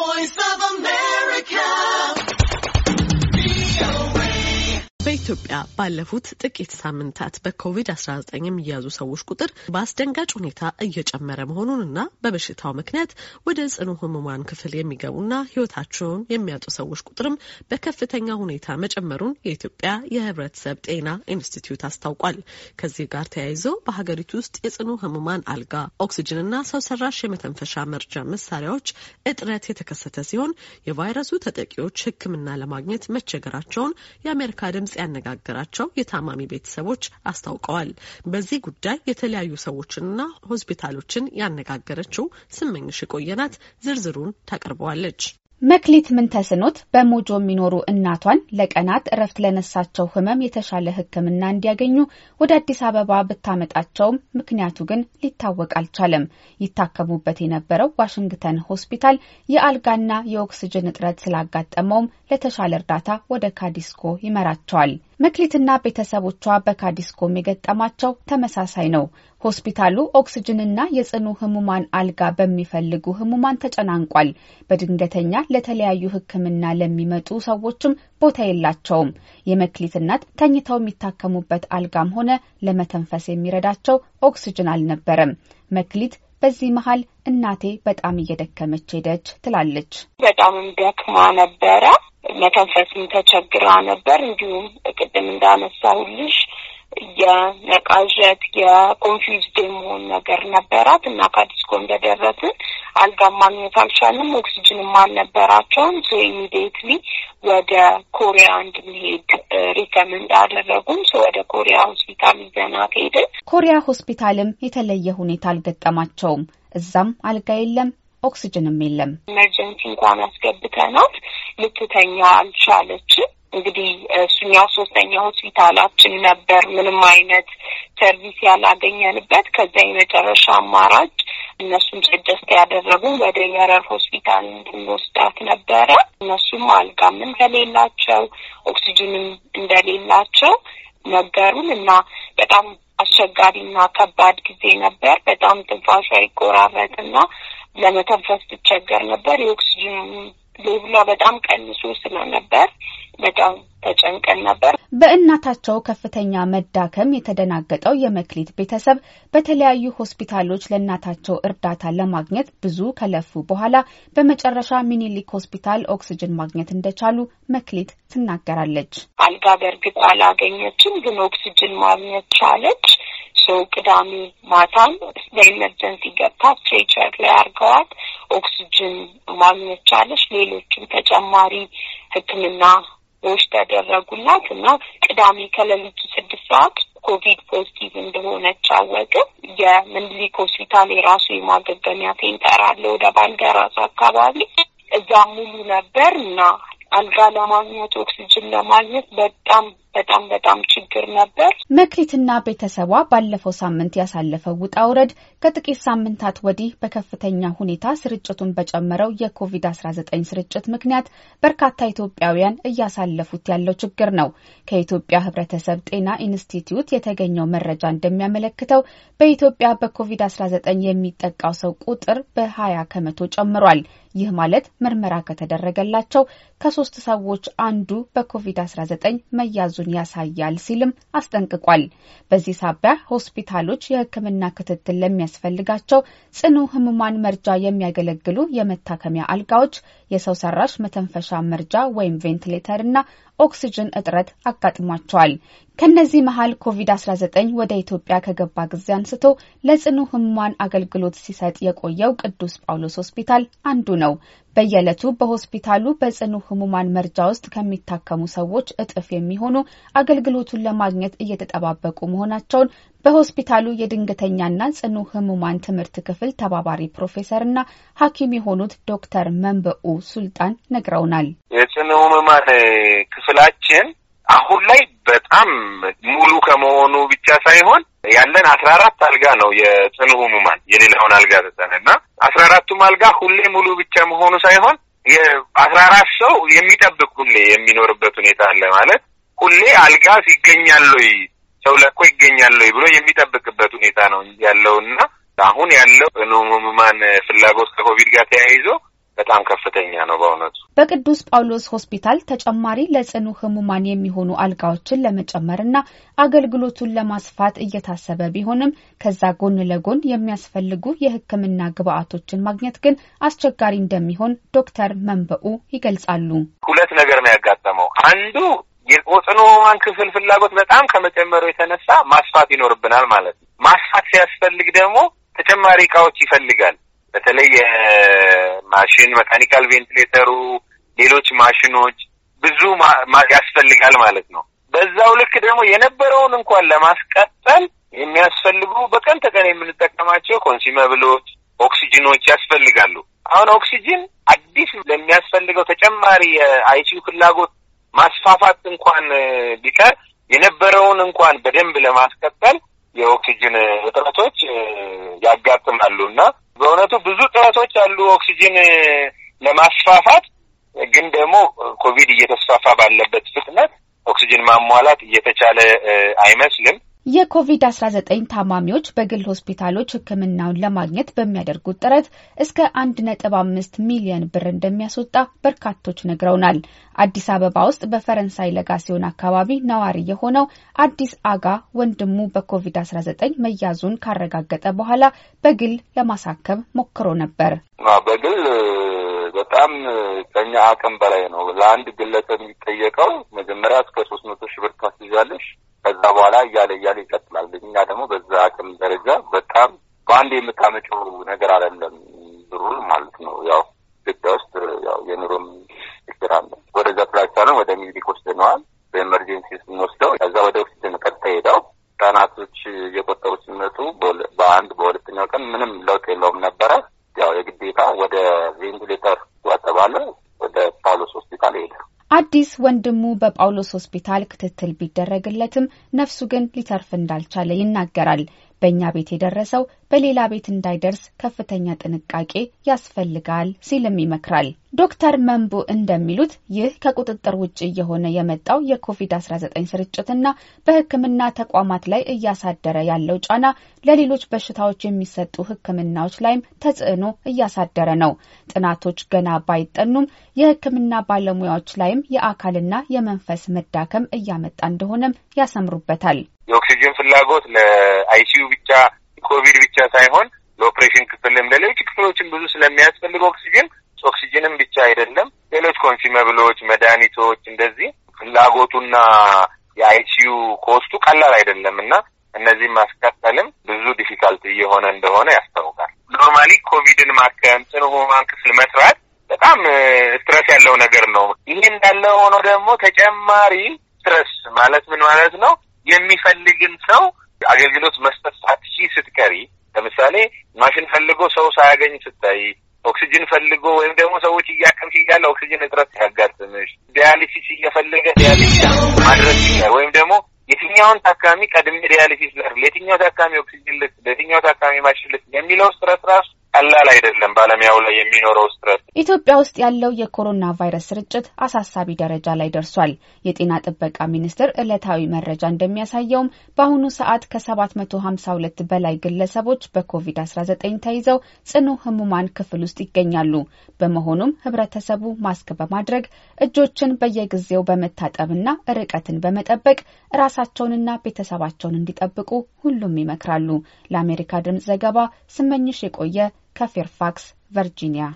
voice በኢትዮጵያ ባለፉት ጥቂት ሳምንታት በኮቪድ-19 የሚያዙ ሰዎች ቁጥር በአስደንጋጭ ሁኔታ እየጨመረ መሆኑንና በበሽታው ምክንያት ወደ ጽኑ ህሙማን ክፍል የሚገቡና ህይወታቸውን የሚያጡ ሰዎች ቁጥርም በከፍተኛ ሁኔታ መጨመሩን የኢትዮጵያ የህብረተሰብ ጤና ኢንስቲትዩት አስታውቋል። ከዚህ ጋር ተያይዘው በሀገሪቱ ውስጥ የጽኑ ህሙማን አልጋ፣ ኦክስጅንና ሰው ሰራሽ የመተንፈሻ መርጃ መሳሪያዎች እጥረት የተከሰተ ሲሆን የቫይረሱ ተጠቂዎች ህክምና ለማግኘት መቸገራቸውን የአሜሪካ ድምጽ ያነጋገራቸው የታማሚ ቤተሰቦች አስታውቀዋል። በዚህ ጉዳይ የተለያዩ ሰዎችንና ሆስፒታሎችን ያነጋገረችው ስመኝሽ የቆየናት ዝርዝሩን ታቀርበዋለች። መክሊት ምንተስኖት በሞጆ የሚኖሩ እናቷን ለቀናት እረፍት ለነሳቸው ህመም የተሻለ ሕክምና እንዲያገኙ ወደ አዲስ አበባ ብታመጣቸውም ምክንያቱ ግን ሊታወቅ አልቻለም። ይታከሙበት የነበረው ዋሽንግተን ሆስፒታል የአልጋና የኦክስጅን እጥረት ስላጋጠመውም ለተሻለ እርዳታ ወደ ካዲስኮ ይመራቸዋል። መክሊትና ቤተሰቦቿ በካዲስኮም የገጠማቸው ተመሳሳይ ነው። ሆስፒታሉ ኦክስጅንና የጽኑ ህሙማን አልጋ በሚፈልጉ ህሙማን ተጨናንቋል። በድንገተኛ ለተለያዩ ሕክምና ለሚመጡ ሰዎችም ቦታ የላቸውም። የመክሊት እናት ተኝተው የሚታከሙበት አልጋም ሆነ ለመተንፈስ የሚረዳቸው ኦክስጅን አልነበረም። መክሊት በዚህ መሀል እናቴ በጣም እየደከመች ሄደች ትላለች። በጣም ደክማ ነበረ። መተንፈስም ተቸግራ ነበር። እንዲሁም ቅድም እንዳነሳሁልሽ የመቃዠት የኮንፊውዝድ የመሆን ነገር ነበራት እና ከዲስኮ እንደደረስን አልጋ ማግኘት አልቻልንም። ኦክሲጅንም አልነበራቸውም። ሶ ኢሚዲየትሊ ወደ ኮሪያ እንድንሄድ ሪከመንድ አደረጉም። ወደ ኮሪያ ሆስፒታል ይዘናት ሄድን። ኮሪያ ሆስፒታልም የተለየ ሁኔታ አልገጠማቸውም። እዛም አልጋ የለም፣ ኦክስጅንም የለም። ኤመርጀንሲ እንኳን አስገብተናት ልትተኛ አልቻለችም። እንግዲህ እሱኛው ሶስተኛ ሆስፒታላችን ነበር። ምንም አይነት ሰርቪስ ያላገኘንበት። ከዛ የመጨረሻ አማራጭ እነሱም ስድስት ያደረጉ ወደ የረር ሆስፒታል እንድንወስዳት ነበረ። እነሱም አልጋም እንደሌላቸው ኦክሲጅንም እንደሌላቸው ነገሩን እና በጣም አስቸጋሪና ከባድ ጊዜ ነበር። በጣም ትንፋሿ ይቆራረጥና ለመተንፈስ ትቸገር ነበር። የኦክሲጅን ሌብላ በጣም ቀንሶ ስለነበር በጣም ተጨንቀን ነበር። በእናታቸው ከፍተኛ መዳከም የተደናገጠው የመክሊት ቤተሰብ በተለያዩ ሆስፒታሎች ለእናታቸው እርዳታ ለማግኘት ብዙ ከለፉ በኋላ በመጨረሻ ሚኒሊክ ሆስፒታል ኦክስጅን ማግኘት እንደቻሉ መክሊት ትናገራለች። አልጋ በእርግጥ አላገኘችም፣ ግን ኦክስጅን ማግኘት ቻለች። ቅዳሜ ማታም በኢመርጀንሲ ገብታ ስትሬቸር ላይ አድርገዋት ኦክሲጅን ማግኘት ቻለች። ሌሎችም ተጨማሪ ሕክምናዎች ተደረጉላት እና ቅዳሜ ከሌሊቱ ስድስት ሰዓት ኮቪድ ፖዚቲቭ እንደሆነች አወቅን። የምኒልክ ሆስፒታል የራሱ የማገገሚያ ሴንተር አለ ወደ ባልደራስ አካባቢ። እዛ ሙሉ ነበር እና አልጋ ለማግኘት ኦክሲጅን ለማግኘት በጣም በጣም በጣም ችግር ነበር። መክሊትና ቤተሰቧ ባለፈው ሳምንት ያሳለፈው ውጣ ውረድ ከጥቂት ሳምንታት ወዲህ በከፍተኛ ሁኔታ ስርጭቱን በጨመረው የኮቪድ-19 ስርጭት ምክንያት በርካታ ኢትዮጵያውያን እያሳለፉት ያለው ችግር ነው። ከኢትዮጵያ ሕብረተሰብ ጤና ኢንስቲትዩት የተገኘው መረጃ እንደሚያመለክተው በኢትዮጵያ በኮቪድ-19 የሚጠቃው ሰው ቁጥር በ20 ከመቶ ጨምሯል። ይህ ማለት ምርመራ ከተደረገላቸው ከሶስት ሰዎች አንዱ በኮቪድ-19 መያዙ መያዙን ያሳያል ሲልም አስጠንቅቋል። በዚህ ሳቢያ ሆስፒታሎች የሕክምና ክትትል ለሚያስፈልጋቸው ጽኑ ህሙማን መርጃ የሚያገለግሉ የመታከሚያ አልጋዎች፣ የሰው ሰራሽ መተንፈሻ መርጃ ወይም ቬንትሌተር እና ኦክስጅን እጥረት አጋጥሟቸዋል። ከነዚህ መሀል ኮቪድ-19 ወደ ኢትዮጵያ ከገባ ጊዜ አንስቶ ለጽኑ ህሙማን አገልግሎት ሲሰጥ የቆየው ቅዱስ ጳውሎስ ሆስፒታል አንዱ ነው። በየዕለቱ በሆስፒታሉ በጽኑ ህሙማን መርጃ ውስጥ ከሚታከሙ ሰዎች እጥፍ የሚሆኑ አገልግሎቱን ለማግኘት እየተጠባበቁ መሆናቸውን በሆስፒታሉ የድንገተኛና ጽኑ ህሙማን ትምህርት ክፍል ተባባሪ ፕሮፌሰር እና ሐኪም የሆኑት ዶክተር መንበኡ ሱልጣን ነግረውናል። የጽኑ ህሙማን ክፍላችን አሁን ላይ በጣም ሙሉ ከመሆኑ ብቻ ሳይሆን ያለን አስራ አራት አልጋ ነው የጽኑ ህሙማን የሌላውን አልጋ ዘጠን እና አስራ አራቱም አልጋ ሁሌ ሙሉ ብቻ መሆኑ ሳይሆን የአስራ አራት ሰው የሚጠብቅ ሁሌ የሚኖርበት ሁኔታ አለ ማለት ሁሌ አልጋ ይገኛል ወይ ሰው ለቆ ይገኛል ብሎ የሚጠብቅበት ሁኔታ ነው ያለውና አሁን ያለው ህሙማን ፍላጎት ከኮቪድ ጋር ተያይዞ በጣም ከፍተኛ ነው በእውነቱ። በቅዱስ ጳውሎስ ሆስፒታል ተጨማሪ ለጽኑ ህሙማን የሚሆኑ አልጋዎችን ለመጨመርና አገልግሎቱን ለማስፋት እየታሰበ ቢሆንም ከዛ ጎን ለጎን የሚያስፈልጉ የህክምና ግብአቶችን ማግኘት ግን አስቸጋሪ እንደሚሆን ዶክተር መንበኡ ይገልጻሉ። ሁለት ነገር ነው ያጋጠመው። አንዱ የኦጽኖማን ክፍል ፍላጎት በጣም ከመጨመሩ የተነሳ ማስፋት ይኖርብናል ማለት ነው። ማስፋት ሲያስፈልግ ደግሞ ተጨማሪ እቃዎች ይፈልጋል። በተለይ የማሽን መካኒካል ቬንቲሌተሩ፣ ሌሎች ማሽኖች ብዙ ያስፈልጋል ማለት ነው። በዛው ልክ ደግሞ የነበረውን እንኳን ለማስቀጠል የሚያስፈልጉ በቀን ተቀን የምንጠቀማቸው ኮንሲመብሎች፣ ኦክሲጂኖች ያስፈልጋሉ። አሁን ኦክሲጂን አዲስ ለሚያስፈልገው ተጨማሪ የአይሲዩ ፍላጎት ማስፋፋት እንኳን ቢቀር የነበረውን እንኳን በደንብ ለማስቀጠል የኦክሲጅን እጥረቶች ያጋጥማሉ እና በእውነቱ ብዙ ጥረቶች አሉ ኦክሲጅን ለማስፋፋት ግን ደግሞ ኮቪድ እየተስፋፋ ባለበት ፍጥነት ኦክሲጅን ማሟላት እየተቻለ አይመስልም። የኮቪድ-19 ታማሚዎች በግል ሆስፒታሎች ሕክምናውን ለማግኘት በሚያደርጉት ጥረት እስከ 1.5 ሚሊዮን ብር እንደሚያስወጣ በርካቶች ነግረውናል። አዲስ አበባ ውስጥ በፈረንሳይ ለጋሲዮን አካባቢ ነዋሪ የሆነው አዲስ አጋ ወንድሙ በኮቪድ-19 መያዙን ካረጋገጠ በኋላ በግል ለማሳከም ሞክሮ ነበር። በግል በጣም ከኛ አቅም በላይ ነው። ለአንድ ግለሰብ የሚጠየቀው መጀመሪያ እስከ ሶስት መቶ ሺህ ብር ታስይዛለሽ ከዛ በኋላ እያለ እያለ ይቀጥላል። እኛ ደግሞ በዛ አቅም ደረጃ በጣም በአንድ የምታመጪው ነገር አይደለም ብሩን ማለት ነው። ያው ግዳ አዲስ ወንድሙ በጳውሎስ ሆስፒታል ክትትል ቢደረግለትም ነፍሱ ግን ሊተርፍ እንዳልቻለ ይናገራል። በእኛ ቤት የደረሰው በሌላ ቤት እንዳይደርስ ከፍተኛ ጥንቃቄ ያስፈልጋል ሲልም ይመክራል። ዶክተር መንቡ እንደሚሉት ይህ ከቁጥጥር ውጭ እየሆነ የመጣው የኮቪድ-19 ስርጭትና በሕክምና ተቋማት ላይ እያሳደረ ያለው ጫና ለሌሎች በሽታዎች የሚሰጡ ሕክምናዎች ላይም ተጽዕኖ እያሳደረ ነው። ጥናቶች ገና ባይጠኑም የሕክምና ባለሙያዎች ላይም የአካልና የመንፈስ መዳከም እያመጣ እንደሆነም ያሰምሩበታል። የኦክሲጅን ፍላጎት ለአይሲዩ ብቻ ኮቪድ ብቻ ሳይሆን ለኦፕሬሽን ክፍልም ለሌሎች ክፍሎችም ብዙ ስለሚያስፈልግ ኦክሲጅን ኦክሲጅንም ብቻ አይደለም ሌሎች ኮንሲመብሎች፣ መድኃኒቶች እንደዚህ ፍላጎቱና የአይሲዩ ኮስቱ ቀላል አይደለም እና እነዚህም ማስቀጠልም ብዙ ዲፊካልቲ እየሆነ እንደሆነ ያስታውቃል። ኖርማሊ ኮቪድን ማከም ጽኑ ህሙማን ክፍል መስራት በጣም ስትረስ ያለው ነገር ነው። ይህ እንዳለ ሆኖ ደግሞ ተጨማሪ ስትረስ ማለት ምን ማለት ነው? የሚፈልግን ሰው አገልግሎት መስጠት ሳትሺ ስትቀሪ፣ ለምሳሌ ማሽን ፈልጎ ሰው ሳያገኝ ስታይ፣ ኦክሲጅን ፈልጎ ወይም ደግሞ ሰዎች እያከምሽ እያለ ኦክሲጅን እጥረት ሲያጋጥምሽ፣ ዲያሊሲስ እየፈለገ ዲያሊሲስ ማድረስ ወይም ደግሞ የትኛውን ታካሚ ቀድሜ ዲያሊሲስ ላድርግ፣ ለየትኛው ታካሚ ኦክሲጅን ልስ ለየትኛው ታካሚ ማሽን ልስ የሚለው ስትረስ ራሱ ቀላል አይደለም ባለሙያው ላይ የሚኖረው ስትረስ። ኢትዮጵያ ውስጥ ያለው የኮሮና ቫይረስ ስርጭት አሳሳቢ ደረጃ ላይ ደርሷል። የጤና ጥበቃ ሚኒስቴር ዕለታዊ መረጃ እንደሚያሳየውም በአሁኑ ሰዓት ከ752 በላይ ግለሰቦች በኮቪድ-19 ተይዘው ጽኑ ህሙማን ክፍል ውስጥ ይገኛሉ። በመሆኑም ህብረተሰቡ ማስክ በማድረግ እጆችን በየጊዜው በመታጠብና ርቀትን በመጠበቅ ራሳቸውንና ቤተሰባቸውን እንዲጠብቁ ሁሉም ይመክራሉ። ለአሜሪካ ድምፅ ዘገባ ስመኝሽ የቆየ ከፌርፋክስ ቨርጂኒያ